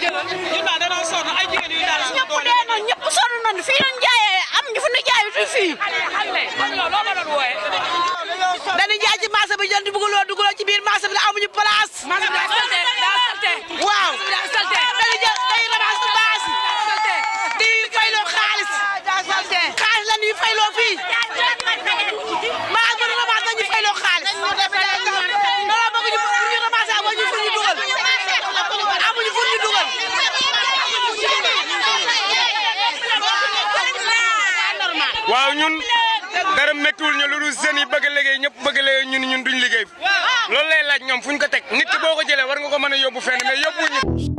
jëlal ñun daal danoo sonn ay jigéen yu daal ñëpp dee nañ ñëpp sonn nañ fii lañ jaayee am ñu fu ñu jaay fi fii loolu la doon wooye dañu jaay ci bi jënd bëgg loo waaw ñun dara méttiwul ñu lu dul jeunes yi bëgg a ñëpp bëgg a liggéey ñun ñun duñ liggéey lool lay laaj ñoom fu ñu ko teg nit ki boo ko jëlee war ngo ko mën a yóbbu fenn mais yóbbuwuñu